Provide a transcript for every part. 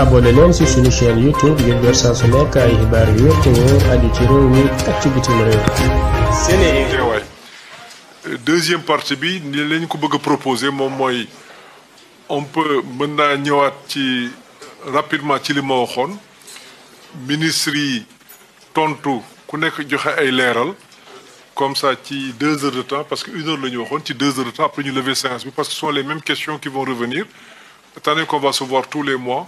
abonné leen ci suñu su nekk ay xibaar yu wér te wóor aju deuxième partie bi ni lañ ko bëgg a proposer moom mooy on peut mën naa ñëwaat ci rapidement ci li ma waxoon ministre yi tontu ku nekk joxe ay leeral comme ça ci deux heures de temps parce que une heure la ñu waxoon ci deux heures de temps après ñu lever séance bi parce que ce sont les mêmes questions qui vont revenir étant donné qu'on va se tous les mois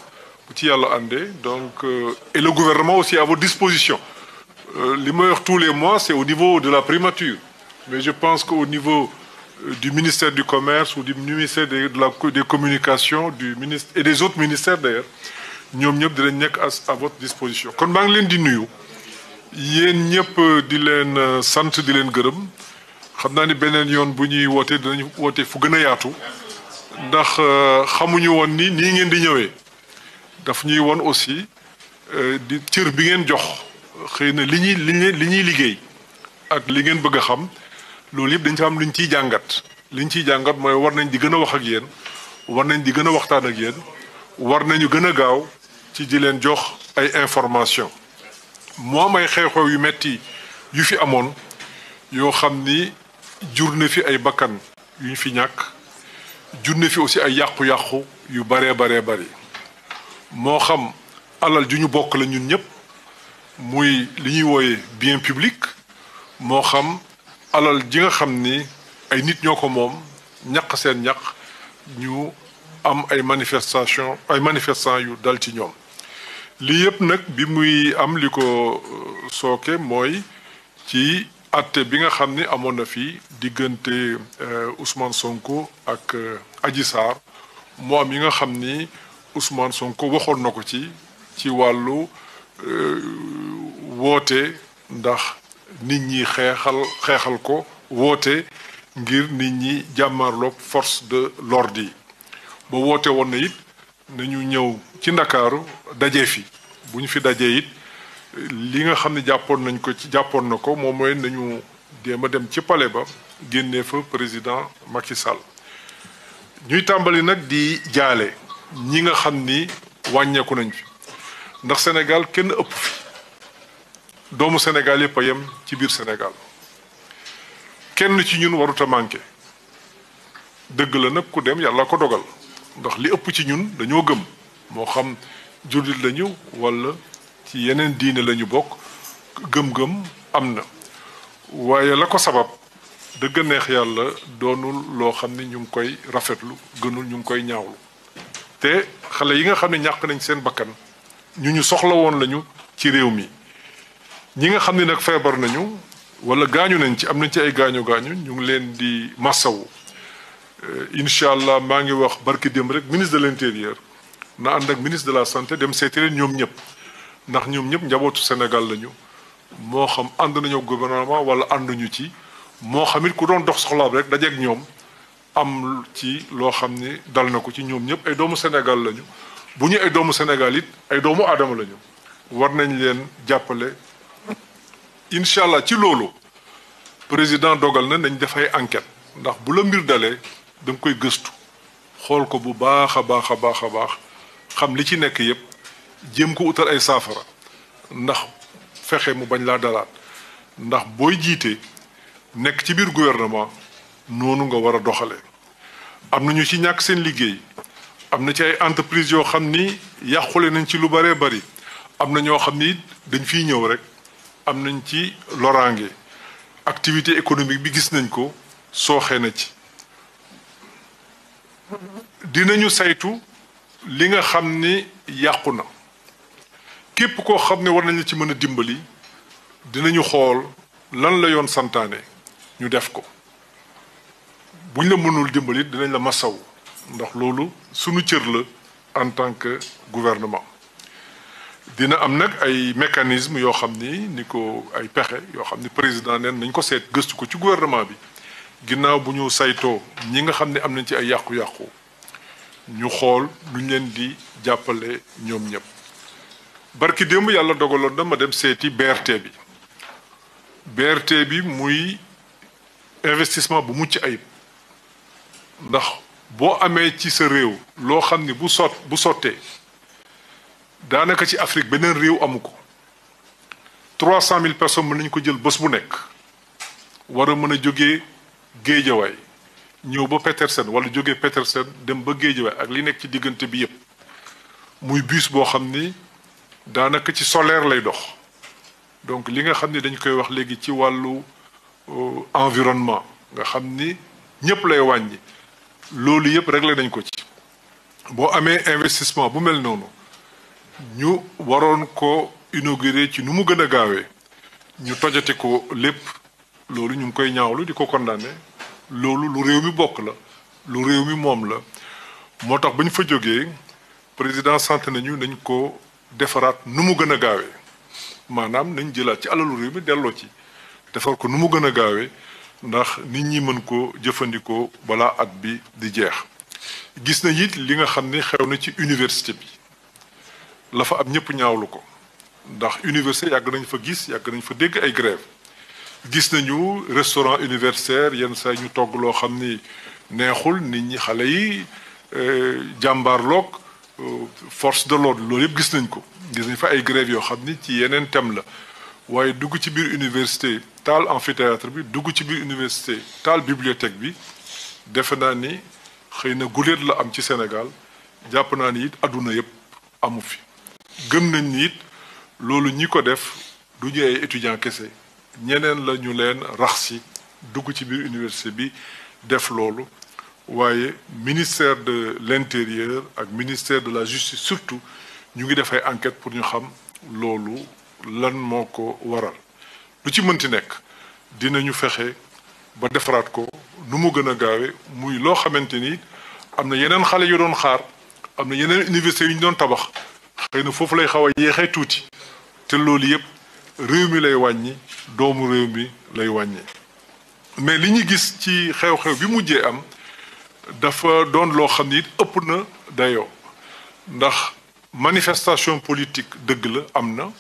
ci yàlla àndee donc euh, et le gouvernement aussi à vos dispositions euh, li ma wax tous les mois c'est au niveau de la primature mais je pense qu'au niveau euh, du ministère du commerce ou du ministère de la des communications du ministère et des autres ministères d'ailleurs ñoom ñëpp dinañ nekk à votre disposition kon maa ngi leen di nuyu yéen ñëpp di leen sant di leen gërëm xam naa ni beneen yoon bu ñuy wootee dinañ woote fu gën a yaatu ndax xamuñu woon ni nii ngeen di ñëwee daf ñuy won aussi euh, di cër bi ngeen jox xëy na li ñuy li ñuy liggéey ak li ngeen bëgg a xam loolu yëpp dañ ci am lu ciy jàngat li ciy jàngat mooy war nañ di gën a wax ak yéen war nañ di gën a waxtaan ak yéen war nañu gën a gaaw ci di leen jox ay information moom ay xew-xew yu metti yu fi amoon yoo xam ni jur na fi ay bakkan yu ñu fi ñàkk jur na fi aussi ay yàqu-yàqu yu baree baree bari moo xam alal ju ñu bokk la ñun ñëpp muy li ñuy wooye bien public moo xam alal ji nga xam ni ay nit ñoo ko moom ñaq seen ñaq ñu am ay manifestation ay manifestant yu dal ci ñoom lii yëpp nag bi muy am li ko euh, sooke mooy ci atte bi nga xam ni amoon na fii diggante euh, Ousmane Sonko ak euh, aji Sarr moo am yi nga xam ni son ko waxoon na ko ci ci wàllu euh, woote ndax nit ñi xeexal xeexal ko woote ngir nit ñi jàmmarloog force de l'ordre yi ba woote woon na it nañu ñëw ci ndakaaru daje fi bu ñu fi dajee it li nga xam ne jàppoon nañ ko ci jàppoon na ko moom mooy nañu jéem a dem ci palais ba génnee fa président Macky Sall ñuy tàmbali nag di jaale ñi nga xam ni wàññeeku nañ fi ndax Sénégal kenn ëpp fi doomu Sénégal yëpp a yem ci biir Sénégal kenn ci ñun warut a dëgg la nag ku dem yàlla ko dogal ndax li ëpp ci ñun dañoo gëm moo xam jullit lañu walla ci yeneen diine lañu bokk gëm-gëm am na waaye la ko sabab dëgg neex yàlla doonul loo xam ni ñu ngi koy rafetlu gënul ñu ngi koy ñaawlu te xale yi nga xam ne ñàkk nañ seen bakkan ñu ñu soxla woon lañu ci réew mi ñi nga xam ni nag feebar nañu wala gaañu nañ ci am nañ ci ay gaañu gaañu ñu ngi leen di massawu euh, incha allah maa ngi wax barki démb rek ministre de l'intérieur na ànd ak ministre de la santé dem seeti leen ñoom ñëpp ndax ñoom ñëpp njabootu Sénégal lañu moo xam ànd nañoo gouvernement wala ànduñu ci moo xamit ku doon dox soxlaam rek dajeeg ñoom. am ci loo xam ni dal na ko ci ñoom ñëpp ay doomu Sénégal lañu bu ñu ay doomu Sénégal it ay doomu aadama lañu war nañ leen jàppale incha allah ci loolu président dogal na nañ dafay enquête ndax bu la mbir dalee da koy gëstu xool ko bu baax a baax a baax a baax xam li ci nekk yëpp jéem ko utal ay saafara ndax fexe mu bañ laa dalaat ndax booy jiite nekk ci biir gouvernement. noonu nga war a doxale am na ñu ci ñàkk seen liggéey am na ci ay entreprise yoo xam ni yàqule nañ ci lu bëree bëri am na ñoo xam ni dañ fi ñëw rek am nañ ci loraange activité économique bi gis nañ ko sooxee na ci dinañu saytu li nga xam ni yàqu na képp koo xam ne war nañ la ci mën a dimbali dinañu xool lan la yoon santaane ñu def ko bu ñu la mënul dimbali dinañ la ma saw ndax loolu sunu cër la en tant que gouvernement dina am nag ay mécanisme yoo xam ni ni ko ay pexe yoo xam ni président neen nañ ko seet gëstu ko ci gouvernement bi ginnaaw bu ñu saytoo ñi nga xam ne am nañ ci ay yàqu-yàqu ñu xool nu ñu leen di jàppale ñoom ñëpp barki démb yàlla dogaloon na ma dem seeti BRT bi BRT bi muy investissement bu mucc ayib ndax boo amee ci sa réew loo xam ni bu sot bu sottee daanaka ci Afrique beneen réew amu ko trois cent mille personnes mën nañ ko jël bés bu nekk war a mën a jóge géejawaay ñëw ba Petersen wala jóge Petersen dem ba géejawaay ak li nekk ci diggante bi yëpp muy bus boo xam ni daanaka ci solaire lay dox donc li nga xam ni dañ koy wax léegi ci wàllu euh, environnement nga xam ni ñépp lay wàññi loolu yëpp réglé nañ ko ci boo amee investissement bu mel noonu ñu waroon ko inauguré ci nu mu gën a gaawee ñu tojati ko lépp loolu ñu ngi koy ñaawlu di ko condamné loolu lu réew mi bokk la lu réew mi moom la moo tax ba ñu fa jógee président sant nañu nañ ko defaraat nu mu gën a gaawee maanaam nañ jëlaat ci alalu réew mi delloo ci defar ko nu mu gën a gaawee ndax nit ñi mën ko jëfandikoo balaa at bi di jeex gis nañ it li nga xam ni xew na ci université bi lafa am ñëpp ñaawlu ko ndax université yàgg nañ fa gis yàgg nañ fa dégg ay grève gis nañu restaurant universitaire yenn saa ñu togg loo xam ni neexul nit ñi xale yi jàmbaar euh, jàmbaarloog euh, force de l'ordre loolu yëpp gis nañ ko gis nañ fa ay grève yoo xam ni ci yeneen thème la waaye dugg ci biir université taal amphithéâtre bi dugg ci biir université taal bibliothèque bi defe naa ni xëy na guléet la am ci Sénégal jàpp naa ni it àdduna yëpp amu fi gën nañ ni loolu ñi ko def du ñu ay étudiant kese ñeneen la ñu leen raxsi dugg ci biir université bi def loolu waaye ministère de l'intérieur ak ministère de la justice surtout ñu ngi def enquête pour ñu xam loolu lan moo ko waral lu ci mënti nekk dinañu fexe ba defaraat ko nu mu gën a gaawe muy loo xamante ni am na yeneen xale yu doon xaar am na yeneen université yu ñu doon tabax xëy na foofu lay xaw a yéexee tuuti te loolu yépp réew mi lay wàññi doomu réew mi lay wàññi mais li ñu gis ci xew-xew bi mujjee am dafa doon loo xam ni it ëpp na dayoo ndax manifestation politique dëgg la am na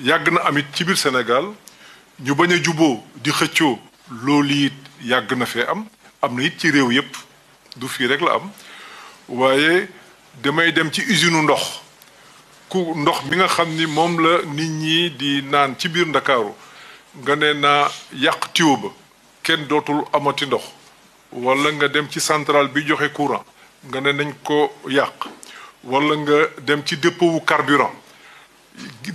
yàgg na amit ci biir Sénégal ñu bañ a juboo di xëccoo loolu it yàgg na fee am am na it ci réew yépp du fii rek la am waaye damay dem ci usine ndox ku ndox mi nga xam ni moom la nit ñi di naan ci biir Ndakaaru nga ne naa yàq tuyau ba kenn dootul amati ndox wala nga dem ci centrale bi joxe courant nga ne nañ ko yàq wala nga dem ci dépôt wu carburant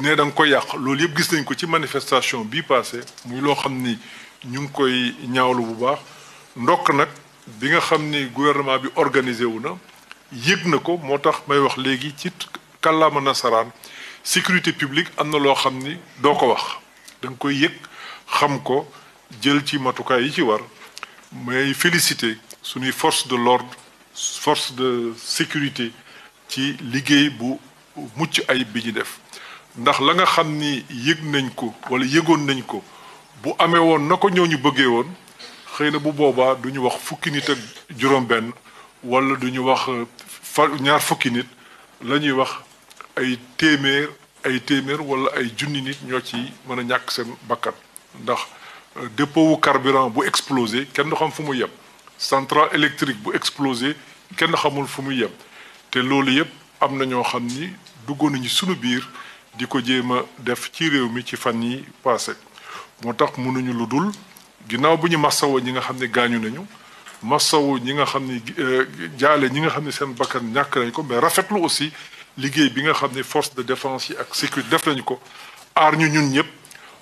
ne da nga ko yàq loolu yëpp gis nañ ko ci manifestation bii passé muy loo xam ni ñu ngi koy ñaawlu bu baax ndokk nag bi nga xam ni gouvernement bi organisé wu na yëg na ko moo tax may wax léegi ci kàllaama nasaraan sécurité publique am na loo xam ni doo ko wax da nga koy yëg xam ko jël ci matukaay yi ci war may félicité suñuy force de l'ordre force de sécurité ci liggéey bu mucc ayib bi ñu def ndax la nga xam ni yëg nañ ko wala yëgoon nañ ko bu amee woon na ko ñoo ñu bëggee woon xëy na bu boobaa du ñu wax fukki nit ak juróom-benn wala du ñu wax euh, fa ñaar fukki nit la ñuy wax ay téeméer ay téeméer wala ay junni nit ñoo ci mën a ñàkk seen bakkan ndax euh, dépôt wu carburant bu explosé kenn xam fu mu yem centrale électrique bu explosé kenn xamul fu mu yem te loolu yëpp am na ñoo xam ni duggoon nañu sunu biir. di ko jéem a def ci réew mi ci fan yi passé moo tax munuñu lu dul ginnaaw bu ñu masawoo ñi nga xam ne gaañu nañu masawoo ñi nga xam ne euh, jaale ñi nga xam ne seen bakkan ñàkk nañ ko mais rafetlu aussi liggéey bi nga xam ne force de défense yi ak sécurité def nañu ko aar ñu ñun ñëpp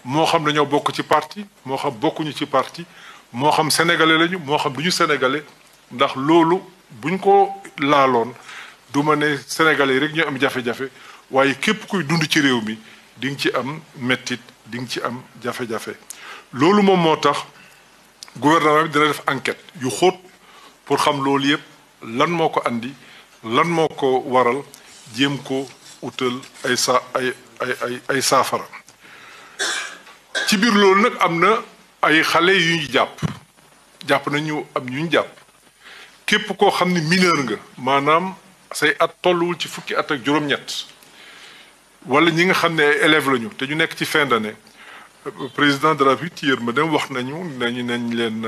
moo xam dañoo bokk ci parti moo xam bokkuñu ci parti moo xam sénégalais lañu moo xam du ñu sénégalais ndax loolu buñ ko laaloon du ma ne sénégalais rek ñu am jafe-jafe waaye képp kuy dund ci réew mi di ci am mettit di nga ci am jafe-jafe loolu moom moo tax gouvernement bi dina def enquête yu xóot pour xam loolu yëpp lan moo ko andi lan moo ko waral jéem ko utal ay ay ay saafara ci biir loolu nag am na ay xale yu ñu jàpp jàpp nañu am ñu ñu jàpp képp koo xam ne mineur nga maanaam say at tolluwul ci fukki at ak juróom-ñett wala ñi nga xam ne ay élèves lañu te ñu nekk ci fin d'année président de la République ma dem wax nañu nañu nañ leen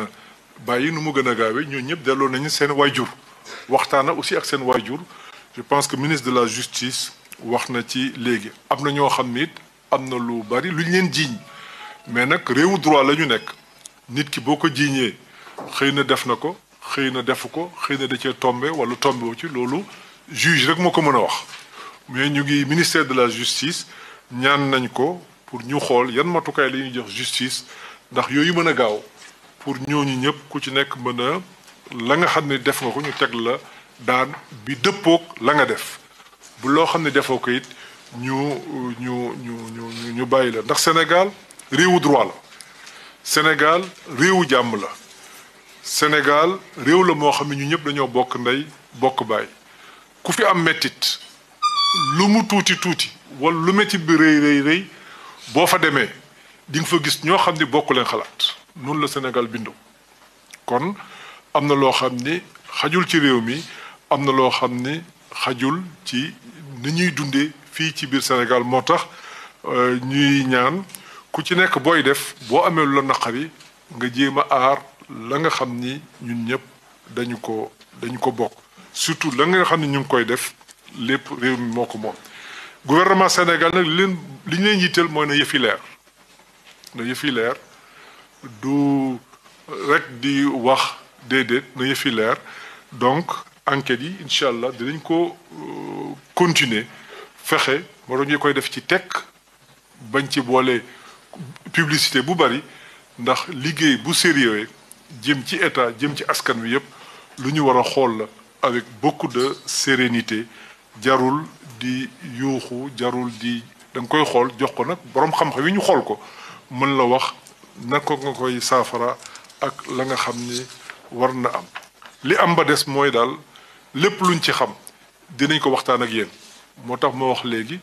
bàyyi nu mu gën a gaawee ñoo ñëpp delloo nañu seen waajur waxtaana aussi ak seen waajur je pense que ministre de la justice wax na ci léegi am na ñoo xam ne am na lu bari lu ñu leen jiiñ mais nag réewu droit la ñu nekk nit ki boo ko jiiñee xëy na def na ko xëy na defu ko xëy na da cee tombe wala tombe wu ci loolu juge rek moo ko mën a wax mais ñu ngi ministère de la justice ñaan nañ ko pour ñu xool yan matukaay lañuy jox justice ndax yooyu mën a gaaw pour ñu ñëpp ku ci nekk mën a la nga xam ne def nga ko ñu teg la daan bi dëppoog la nga def bu loo xam ne defoo ko it ñu ñu ñu ñu ñu bàyyi la ndax Sénégal réewu droit la Sénégal réewu jàmm la Sénégal réew la moo xam ne ñu ñëpp dañoo bokk ndey bokk baay ku fi am mettit lu mu tuuti tuuti wala lu métti bi rëy rëy boo fa demee dinga fa gis ñoo xam ni bokku leen xalaat noonu la Sénégal bindoo kon am na loo xam ni xajul ci réew mi am na loo xam ni xajul ci ni ñuy dundee fii ci biir Sénégal moo tax euh, ñuy ñaan ku ci nekk booy def boo amee lu la naqari nga jéem a aar la nga xam ni ñun ñëpp dañu ko dañu ko bokk surtout la nga xam ni ñu ngi koy def lépp réew mi moo ko moom gouvernement Sénégal nag li ñu leen yitteel mooy na yëfi leer na yëfi leer du euh, rek di wax déedéet na yëfi leer donc enquêtes yi incha allah dinañ ko euh, continuer fexe moro ñu koy def ci tekk bañ ci boole publicité bu bari ndax liggéey bu sérieux jëm ci état jëm ci askan wi yépp lu ñu war a xool la avec beaucoup de sérénité jarul di yuuxu jarul di da koy xool jox ko nag boroom xam-xam yi ñu xool ko mën la wax naka nga koy saafara ak la nga xam ni war na am li am ba des mooy daal lépp luñ ci xam dinañ ko waxtaan ak yéen moo tax ma wax léegi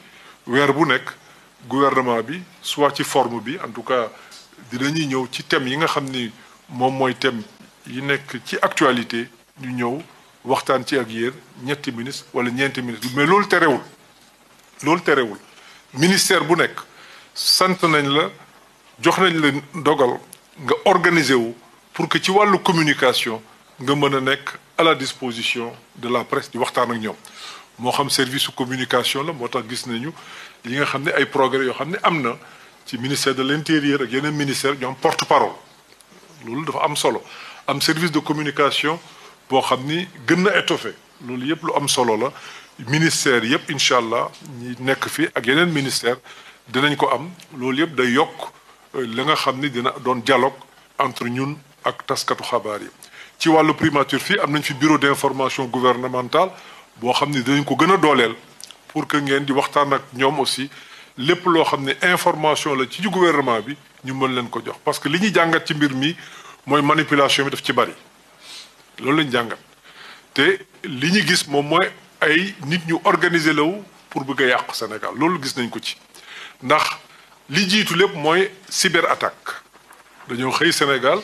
weer bu nekk gouvernement bi soit ci forme bi en tout cas ñëw ci thème yi nga xam ni moom mooy thème yi nekk ci actualité ñu ñëw waxtaan ci ak yéen ñetti ministre wala ñeenti ministre mais loolu terewul loolu terewul ministère bu nekk sant nañ la jox nañ la ndogal nga organiser wu pour que ci wàllu communication nga mën a nekk à la disposition de la presse di waxtaan ak ñoom moo xam service su communication la moo tax gis nañu li nga xam ne ay progrès yoo xam ne am na ci ministère de l'intérieur ak yeneen ministère ñoom porte-parole loolu dafa am solo am service de communication boo xam ni gën na étoffé loolu yëpp lu am solo la ministère yëpp incha allah ñi nekk fi ak yeneen ministère dinañ ko am loolu yëpp day yokk euh, li nga xam ni dina doon dialogue entre ñun ak taskatu xabaar yi ci wàllu primature fii am nañ fi bureau d'information gouvernementale boo xam ni dinañ ko gën a dooleel pour que ngeen di waxtaan ak ñoom aussi lépp loo xam ne information la ci gouvernement bi ñu mën leen ko jox parce que li ñuy jàngat ci mbir mi mooy manipulation bi daf ci bari loolu lañ jàngat te li ñu gis moom mooy ay nit ñu organiser law pour bëgg a yàqu Sénégal loolu gis nañ ko ci ndax li jiitu lépp mooy cyber attaque dañoo xëy Sénégal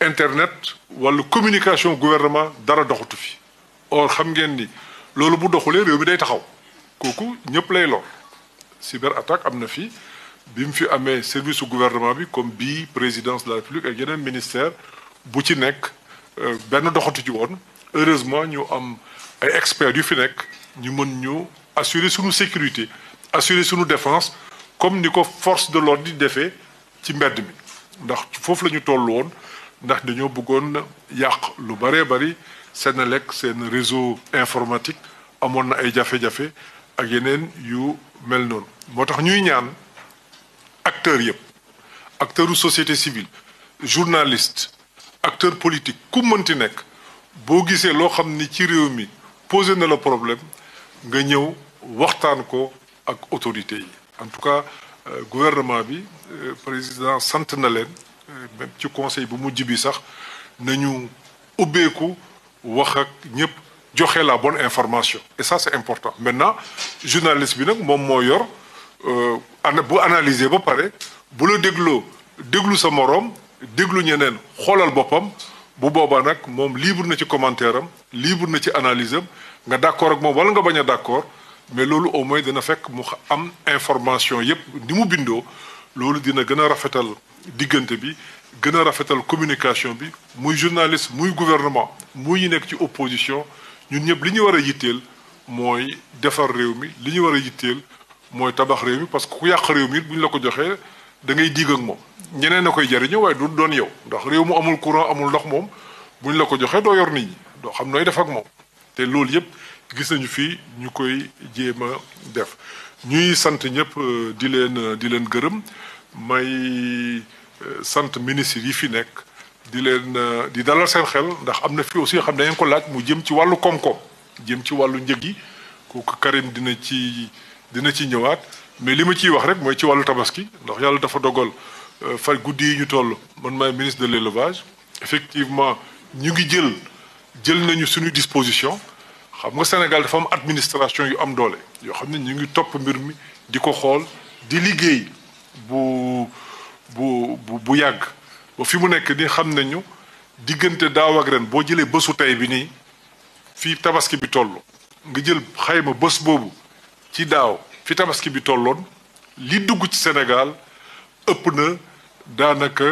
internet wala communication gouvernement dara doxatu fi or xam ngeen ni loolu bu doxulee réew mi day taxaw kooku ñëpp lay lor cyber attaque am na fi bi mu fi amee service su gouvernement bi comme bii présidence de la république ak yeneen ministère bu ci nekk Euh, benn doxatu ci woon heureusement ñu am ay experts yu fi nekk ñu mën ñu assurer suñu sécurité assurer suñu défense comme ni ko force de l'ordre di defee ci mbedd mi ndax foofu la ñu toll woon ndax dañoo bëggoon yàq lu bëree bëri lekk seen réseaux informatique amoon na ay jafe-jafe ak yeneen yu mel noonu moo tax ñuy ñaan acteurs yëpp acteur u société civile journaliste acteur politique ku mënti nekk boo gisee loo xam ni ci réew mi posé na la problème nga ñëw waxtaan ko ak autorité yi en tout cas euh, gouvernement bi euh, président sant na leen euh, même ci conseil bu mujj bi sax nañu ubbeeku wax ak ñëpp joxe la bonne information et ça c'est important maintenant journaliste bi nag moom moo yor ana bu analyser ba pare bu la dégloo déglu sa moroom déglu ñeneen xoolal boppam bu boobaa nag moom libre na ci commentaire am libre na ci analyse am nga d'accord ak moom wala nga bañ a d'accord mais loolu au moins dina fekk mu am information yépp ni mu bindoo loolu dina gën a rafetal diggante bi gën a rafetal communication bi muy journaliste muy gouvernement muy ñu nekk ci opposition ñun ñëpp li ñu war a yitteel mooy defar réew mi li ñu war a yitteel mooy tabax réew mi parce que ku yàq réew mi bu ñu la ko joxee da ngay ak moom ñeneen a koy jariñoo waaye du doon yow ndax réew mu amul courant amul ndox moom buñ la ko joxee doo yor nit ñi doo xam nooy def ak moom te loolu yëpp gis nañu fi ñu koy jéem a def ñuy sant ñëpp euh, di leen euh, di leen gërëm may euh, sant ministre yi fi nekk di leen di dalal seen xel ndax am na fi aussi xam ne ngeen ko laaj mu jëm ci wàllu koom-koom jëm ci wàllu njëg yi kooku Karim dina ci dina ci ñëwaat mais li ma ciy wax rek mooy ci wàllu tabaski ndox yàlla dafa dogal euh, far guddi yi ñu toll man maay ministre de l'élevage effectivement ñu ngi jël jël nañu suñu disposition xam nga Sénégal dafa am administration yu am doole yoo xam ne ñu ngi topp mbir mi di ko xool di liggéey bu bu bu bu yàgg ba fi mu nekk nii xam nañu diggante daaw ak ren boo jëlee bësu tey bi nii fii tabaski bi toll nga jël xayma bës boobu ci daaw fi tabaski bi tolloon li dugg ci Sénégal ëpp na daanaka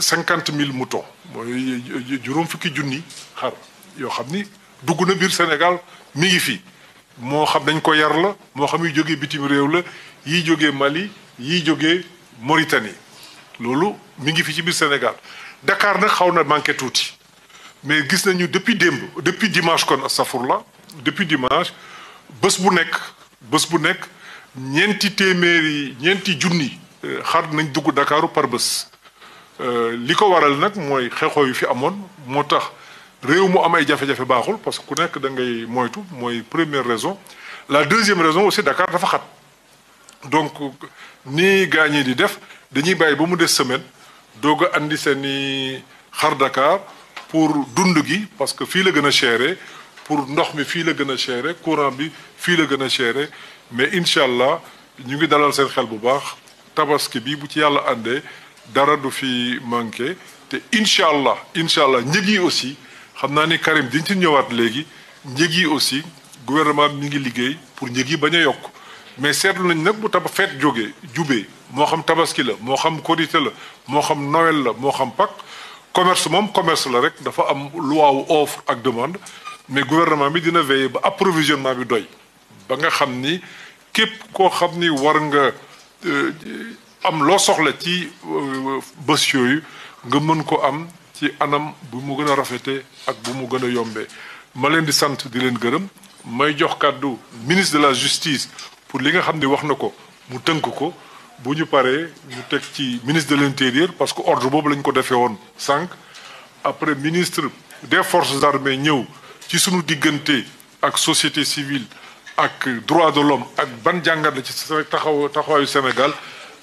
cinquante mille moutons mooy juróom fukki junni xar yoo xam ni dugg na biir Sénégal mi ngi fi moo xam dañ ko yar la moo xam yu jógee bitim réew la yi jóge Mali yi jógee Mauritanie loolu mi ngi fi ci biir Sénégal Dakar nag xaw na manqué tuuti mais gis nañu depuis démb depuis dimanche kon astafurla depuis dimanche bés bu nekk. bës bu nekk ñeenti téeméeri ñeenti junni euh, xar nañ dugg Dakaaru par bés euh, li ko waral nag mooy xeexoo yu fi amoon moo tax réew mu am ay jafe-jafe baaxul parce que ku nekk da ngay moytu mooy première raison la deuxième raison aussi Dakar dafa xat donc nii gaañee di def dañuy bàyyi ba mu des semaine doog a andi seen i xar Dakar pour dund gi parce que fii la gën a chéré pour ndox mi fii la gën a chéré courant bi fii la gën a chéré mais incha allah ñu ngi dalal seen xel bu baax tabaski bi bu ci yàlla àndee dara du fi manqué te incha allah incha allah njëg yi aussi xam naa ni Karim diñ ci ñëwaat léegi njëg yi aussi gouvernement mi ngi liggéey pour njëg yi bañ a yokk mais seetlu nañ nag bu taba feet jógee jubee moo xam tabaski la moo xam korité la moo xam Noël la moo xam Pâques commerce moom commerce la rek dafa am loi wu ak demande mais gouvernement bi dina veiller ba approvisionnement bi doy ba nga xam ni képp koo xam ni war nga euh, am loo soxla ci euh, bés yooyu nga mën ko am ci anam bu mu gën a rafete ak bu mu gën a yombee ma leen di sant di leen gërëm may jox kàddu ministre de la justice pour li nga xam ni wax na ko mu tënk ko bu ñu paree ñu teg ci ministre de l'intérieur parce que ordre boobu lañ ko defee woon sànq après ministre des forces armées ñëw ci sunu diggante ak société civile ak droit de l'homme ak ban jàngat la ci taxaw taxawaayu Sénégal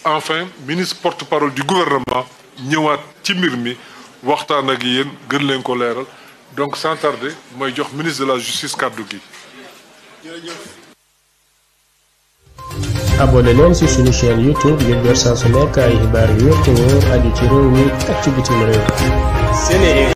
enfin ministre porte-parole du gouvernement ñëwaat ci mbir mi waxtaan ak yéen gën leen ko leeral donc sans tarder mooy jox ministre de la justice kàddu gi. abonné leen ci suñu chaîne youtube ngir jot ci réew mi ak bitim réew.